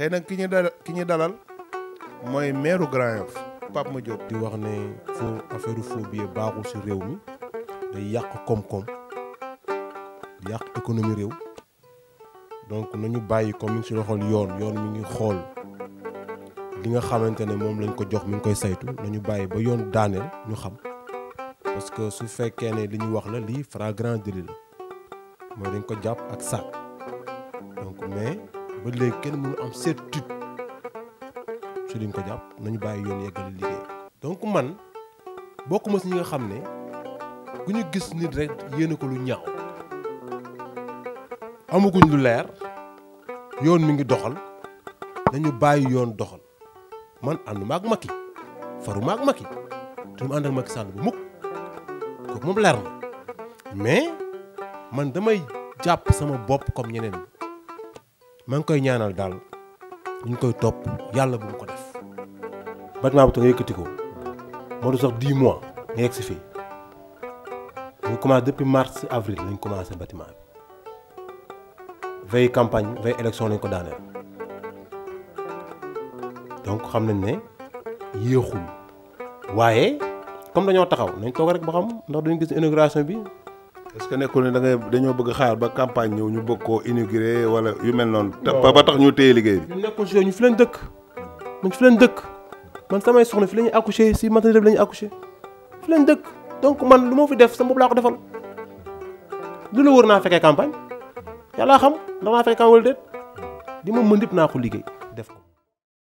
tey nag ki ñu dalal ki ñu dalal mooy maire Grand pap ma Madiop di wax ne fo affaireu faux billet baaxul si réew mi day yàq kom kom yàq économie rew donc nañu bayyi comme ci ngi loxol yoon yoon mi ngi xol li nga xamantene mom lañ ko jox mi ngi koy saytu nañu bayyi ba yoon daaneel ñu xam parce que su fekke ne li ñu wax la li flagrant délit la moy dañ ko japp ak sac donc mais ba léegi kenn mënu am certitude su liñ ko jàpp nañu bàyyi yoon yeggali liggéey donc man bokkuma si ñi nga xam ne ku ñu gis nit rek yéene ko lu ñaaw amaguñ lu leer yoon mi ngi doxal nañu bàyyi yoon doxal man ànduma ak Macky faruma ak Macky te mu ànd ak Macky Sall bu mukk kooku moom leer na mais man damay jàpp sama bopp comme ñeneen mang koy ñaanal dal ñu koy top. yalla bu ko def. ko du sax 10 mois fi depuis mars avril lañ commencé bâtiment bi campagne veille élection lañ ko daané donc xam nañ comme dañoo taxaw nañ toog rek ba xam ndax gis inauguration est-ce que nekkul ne dangay dañoo bëgg xaar ba campagne ñëw ñu bëgg koo inauguré wala yu mel noonu. ba tax ñu téye liggéey bi. ñu nekkoon si ñu fi leen dëkk man samay soxna fi la ñuy accouché si maternité bi la ñuy fi leen dëkk donc man lu ma fi def sama bopp laa ko defal lu la wër naa fekkee campagne yàlla xam ndax naa fekkee campagne wala déet li ma mën lépp naa ko liggéey def